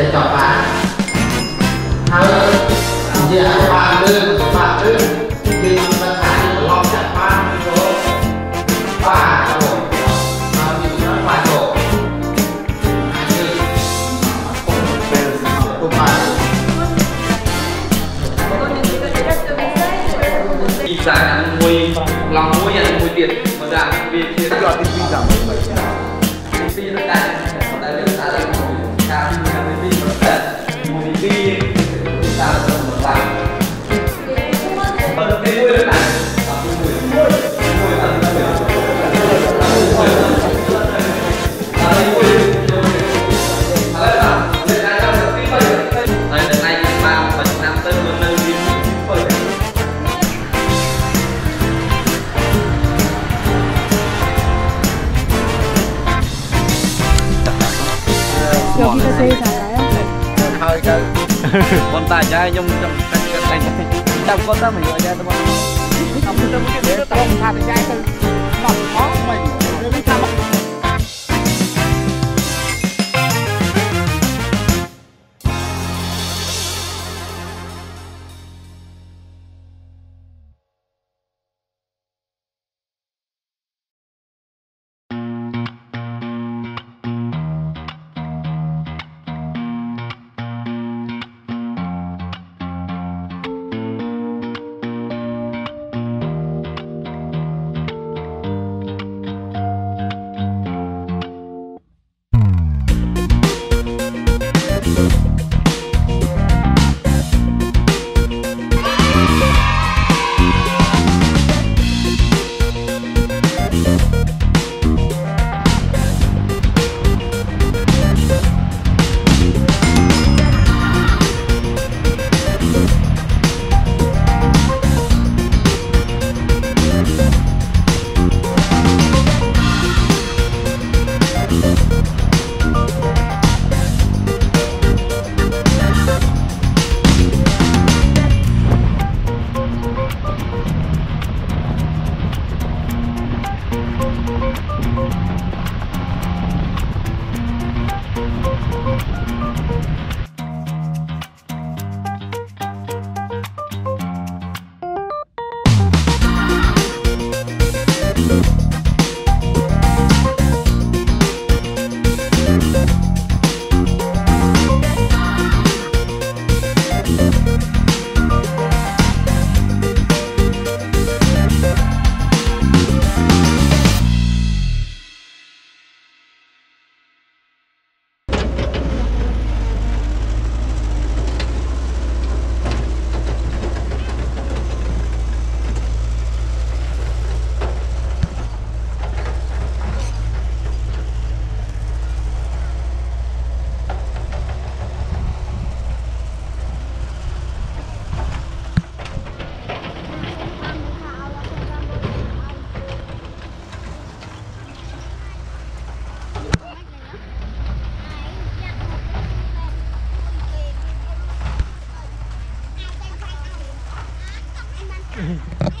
จะจับปลาเฮ้ยอย่าปลาดึงปาดลึงดึงปาญหาที่ันรอบจักปลากโยปลากโยมาดูนะปากลาอีสานมวยลำมวยยันมวยเด็ดมาจากเวทียอนที่ Dendam kota mình aja teman-teman. Kamu udah mungkin udah tahu satu saya itu. Nah, mau main. Jadi tambah.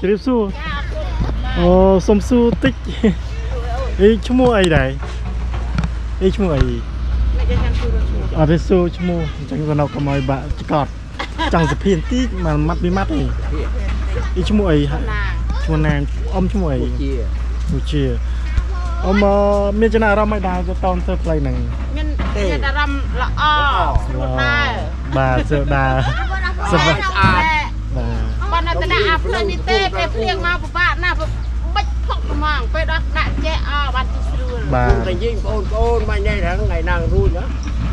ជម្រាបសួរអូសុំសួរតិចអីឈ្មោះអីដែរអីឈ្មោះអីអរិសួរឈ្មោះអញ្ចឹងក៏នៅកុំឲ្យបាក់ឆ្កត់ចង់សភានតិចមកម៉ាត់ពីម៉ាត់ទេអីឈ្មោះអីឈ្មោះណាងអ៊ំឈ្មោះអីជាជាអ៊ំមានចំណាអារម្មណ៍មិនដែរទៅតន់ទៅផ្លូវហ្នឹងមានមានអារម្មណ៍ល្អស្រួលដែរបាទស្រួលដែរសុខស្អាតដាក់អាភ្លើងនេះទេពេលភ្លៀងមកពិបាកណាស់បិចផុកហ្មងពេលដល់ដាក់ចេះអបានទីស្រួលបាទតែយើងបងប្អូនមិនដែរហ្នឹងថ្ងៃណារួចណា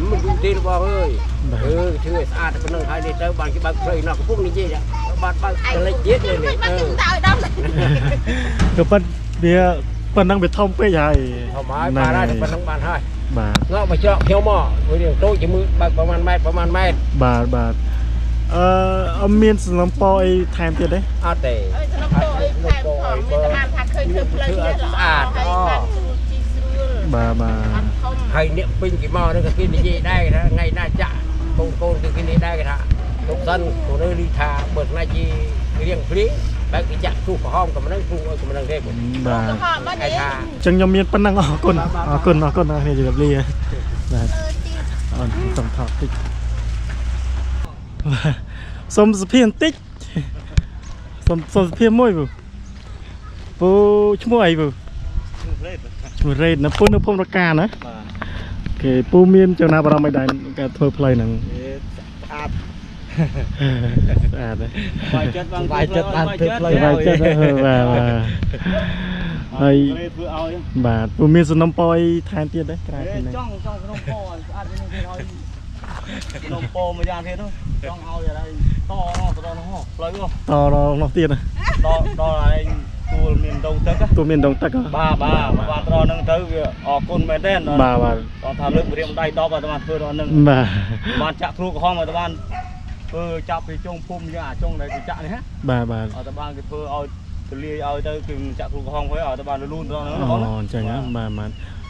មិនយូរទេបងអើយអឺធ្វើឲ្យស្អាតតែប៉ុណ្ណឹងហើយនេះទៅបានគេបើកព្រៃណោះកំពុងនិយាយបាត់បើកតលិចទៀតនេះអឺទៅឲ្យដល់ទៅប៉ិនវាប៉ុណ្ណឹងវាធំពេកហើយធំហើយបានហើយប៉ុណ្ណឹងបានហើយបាទងក់មកច្រកខ្ញុំមកវារៀងតូចជាមើលបើកប្រហែលម៉ែត្រប្រហែលម៉ែត្របាទបាទអឺអត់មានសំណពអីថែមទៀតទេអត់ទេសំណពអីថែមផងមានតែថាឃើញធ្វើផ្លូវវាស្អាតអូជីស្រួលបាទបាទហើយអ្នកពេញគេមកនឹងគេនិយាយដែរថាថ្ងៃណាចាក់កូនកូនគេគេនិយាយដែរគេថាលោកសិនគាត់លើលីថាបើថ្ងៃជារៀងព្រាបើគេចាក់ទូក្រហមកម្រឹងទូឲ្យកម្រឹងទេបាទគេថាចឹងខ្ញុំមានប៉ុណ្ណឹងអរគុណអរគុណអរគុណអ្នកជំរាបលាបាទអូនចង់ថតតិចសុំសុភាបន្តិចសុំសុំសុភាមួយពូពូឈ្មោះអីពូឈ្មោះរ៉េតឈ្មោះរ៉េតនៅពូនៅភូមិរកាណាបាទគេពូមានចំណាប់អារម្មណ៍អីដែរការធ្វើផ្លូវហ្នឹងស្អាតស្អាតបាយចិត្តបានបាយចិត្តបានធ្វើផ្លូវបាយចិត្តបាទហើយធ្វើឲ្យបាទពូមានសំណុំពអីថែមទៀតដែរក្រៅពីនេះចង់ចង់សំណុំពអស្អាតជាងគេហើយនំពោមួយយ៉ាងទៀតនោះចង់ឲ្យឲ្យតតដល់នោះផ្លូវនោះតដល់នោះទៀតដល់ដល់ឯងទួលមានដងទឹកទួលមានដងទឹកបាទបាទបាទត្រនឹងទៅវាអរគុណមែនទេបាទបាទគាត់ថាលើករៀមដៃ10អាត្មាធ្វើរនឹងបាទបានចាក់គ្រូក្រហមអាត្មាធ្វើចាប់ពីចុងភូមិយើងអាចុងដែលគេចាក់នេះបាទបាទអាត្មាគេធ្វើឲ្យទលាយឲ្យទៅគឺចាក់គ្រូក្រហមហើយអាត្មាលូនត្រង់ហ្នឹងអូអញ្ចឹងបាទបាទ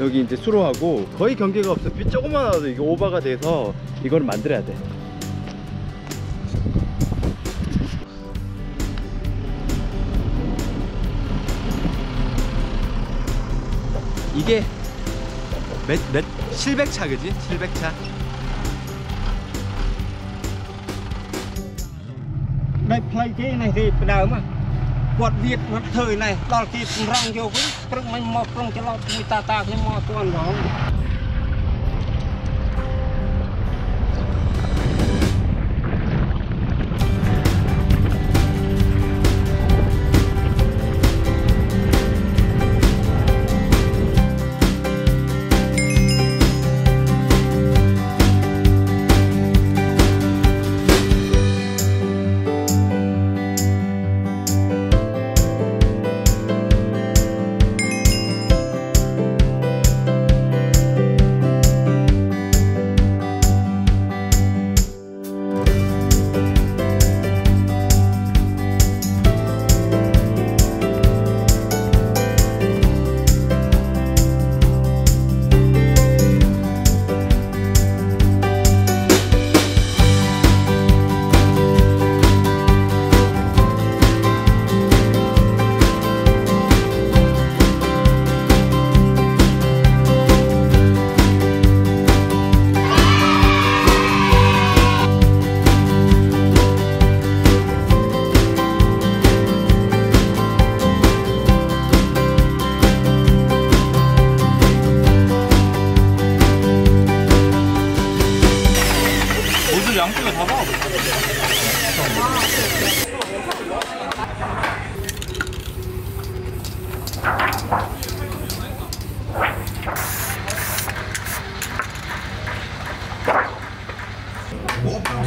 여기 이제 수로하고 거의 경계가 없어 빗 조금만 와도 이게 오버가 돼서 이걸 만들어야 돼 이게 몇, 몇, 700차 그지? 700차 đây play cái này thì đỡ mà quạt việt nó thời này đòi kịp răng vô với ព្រឹកមិញមកព្រំចន្លោះមួយតាតាខ្ញុំមកអត់ទាន់ហ្មង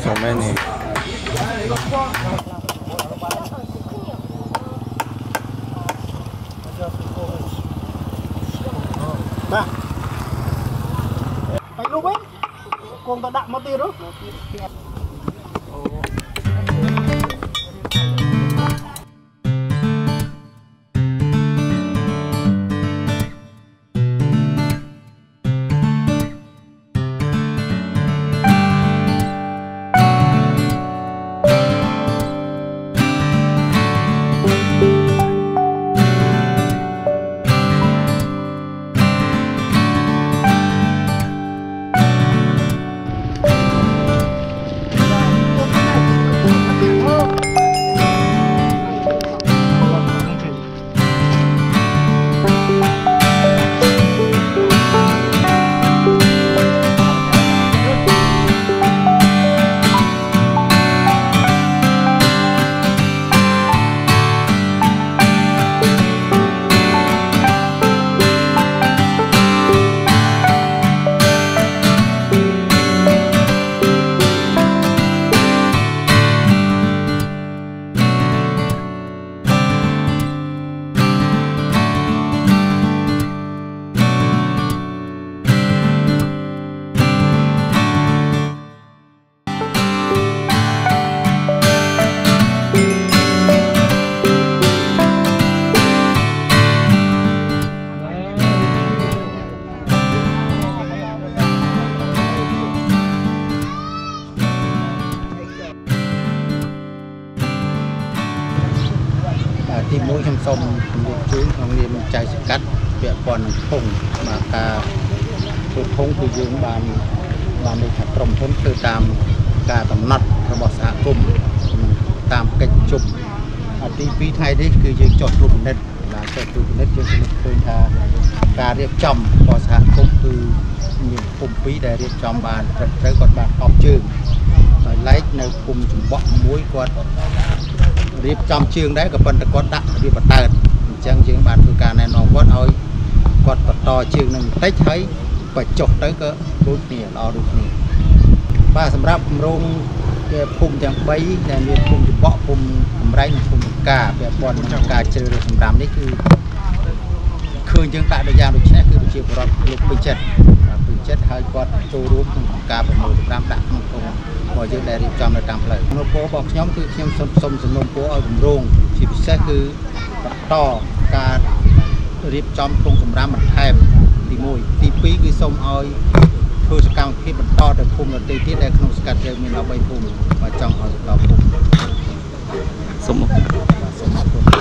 小美女。来。白萝卜，共同大马蹄肉。ក្រុមហ៊ុនធ្វើតាមការកំណត់របស់សហគមន៍តាមកិច្ចជប់ទី2ថ្ងៃនេះគឺយើងចុះត្រួតពិនិត្យឡាចុះត្រួតពិនិត្យយើងពិនិត្យឃើញថាការរៀបចំរបស់សហគមន៍គឺមានភូមិ2ដែលរៀបចំបានត្រឹមត្រូវគាត់បានកប់ជើងដោយឡែកនៅភូមិចំបក់មួយគាត់រៀបចំជើងដែរក៏ប៉ុន្តែគាត់ដាក់របៀបបដើតអញ្ចឹងយើងបានធ្វើការណែនាំគាត់ឲ្យគាត់បន្តជើងនឹងបន្តិចហើយបើចុះទៅក៏ដូចគ្នាល្អដូចគ្នាបាទសម្រាប់គម្រោងភូមិទាំង3ដែលមានភូមិចំបក់ភូមិកំរែងនិងភូមិកាពាក់ព័ន្ធនឹងការជ្រើសរើសសម្រាប់នេះគឺឃើញយើងដាក់ដូចយ៉ាងដូចនេះគឺប្រជាពលរដ្ឋលោកពេញចិត្តពេញចិត្តហើយគាត់ចូលរួមក្នុងការប្រមូលសម្រាប់ដាក់ក្នុងគម្រោងរបស់យើងដែលរៀបចំនៅតាមផ្លូវក្នុងពោរបស់ខ្ញុំគឺខ្ញុំសូមសូមសំណូមពរឲ្យគម្រោងជាពិសេសគឺបន្តការរៀបចំគម្រោងសម្រាប់បន្ថែមទី1ទី2គឺសូមឲ្យធ្វើសកម្មភាពបន្តទៅភូមិដទៃទៀតដែលក្នុងសកាត់យើងមាន13ភូមិបើចង់ឲ្យបន្តភូមិសូមអរគុណសូមអរគុណ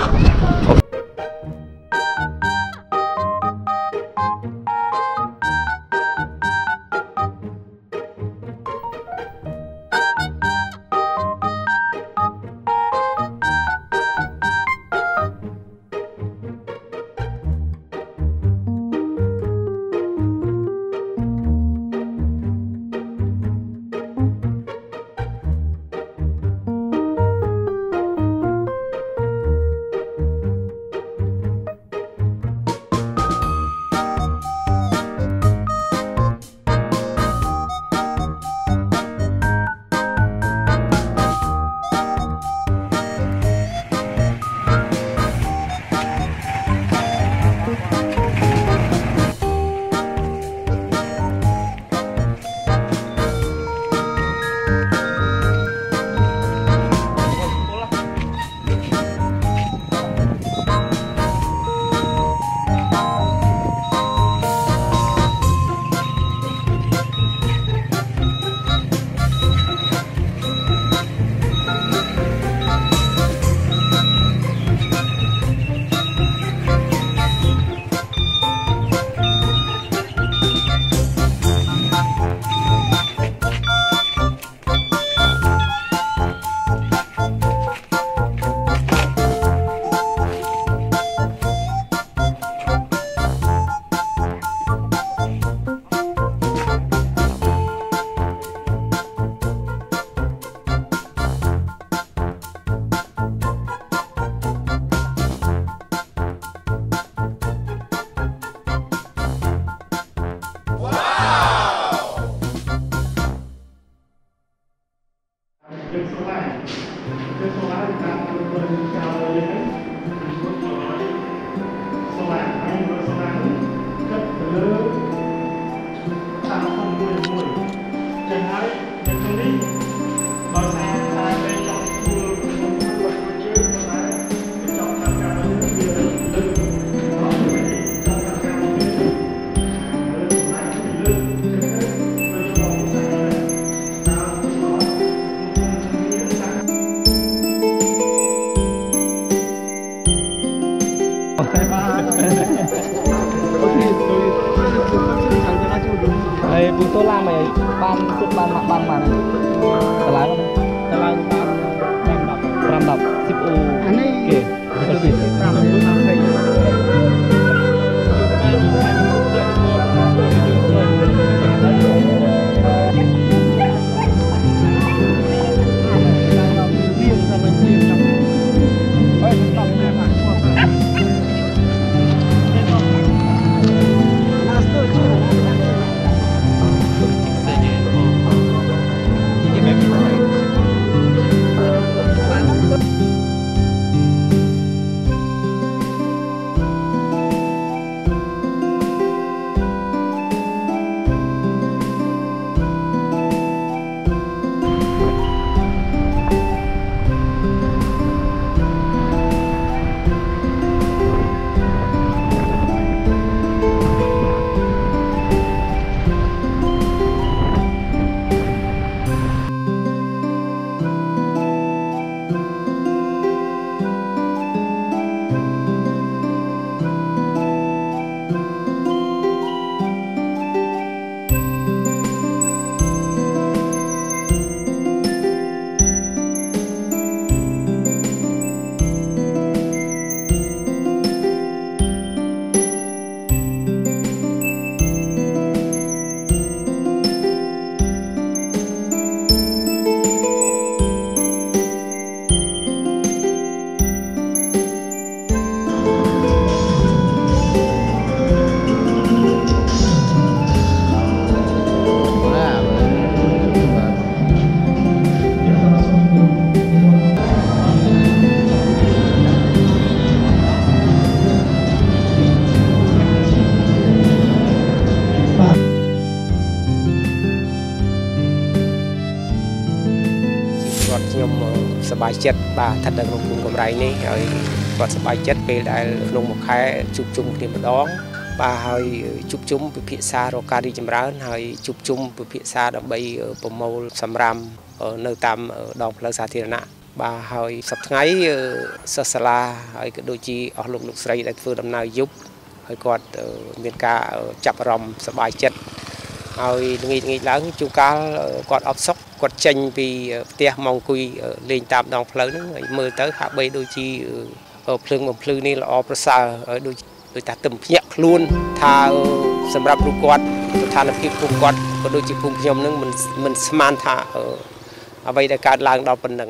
ចិត្តបាទស្ថិតនៅក្នុងភូមិកំរៃនេះហើយគាត់សប្បាយចិត្តពេលដែលក្នុងមួយខែជួបជុំគ្នាម្ដងបាទហើយជួបជុំពិភាក្សារកការរីចម្រើន ហើយជួបជុំពិភាក្សាដើម្បីប្រមូលសម្រាមនៅតាមដងផ្លូវសាធារណៈបាទហើយសប្តាហ៍ថ្ងៃសិស្សសាលាហើយក៏ដូចជាអស់លោកលោកស្រីដែលធ្វើដំណើរយប់ហើយគាត់មានការចាប់អារម្មណ៍សប្បាយចិត្តហើយល្ងាចល្ងាចឡើងជួនកាលគាត់អត់សុខគាត់ចេញពីផ្ទះមកអង្គុយលេងតាមដងផ្លូវហ្នឹងហើយមើលទៅ ហាក់បី ដូចជាភ្លើងបំភ្លឺនេះល្អប្រសើរដូចដោយថាទំភ្ញាក់ខ្លួនថាសម្រាប់រូបគាត់ស្ថានភាពភូមិគាត់ក៏ដូចជាភូមិខ្ញុំនឹងមិនមិនស្មានថាអ្វីដែលកើតឡើងដល់ប៉ុណ្ណឹង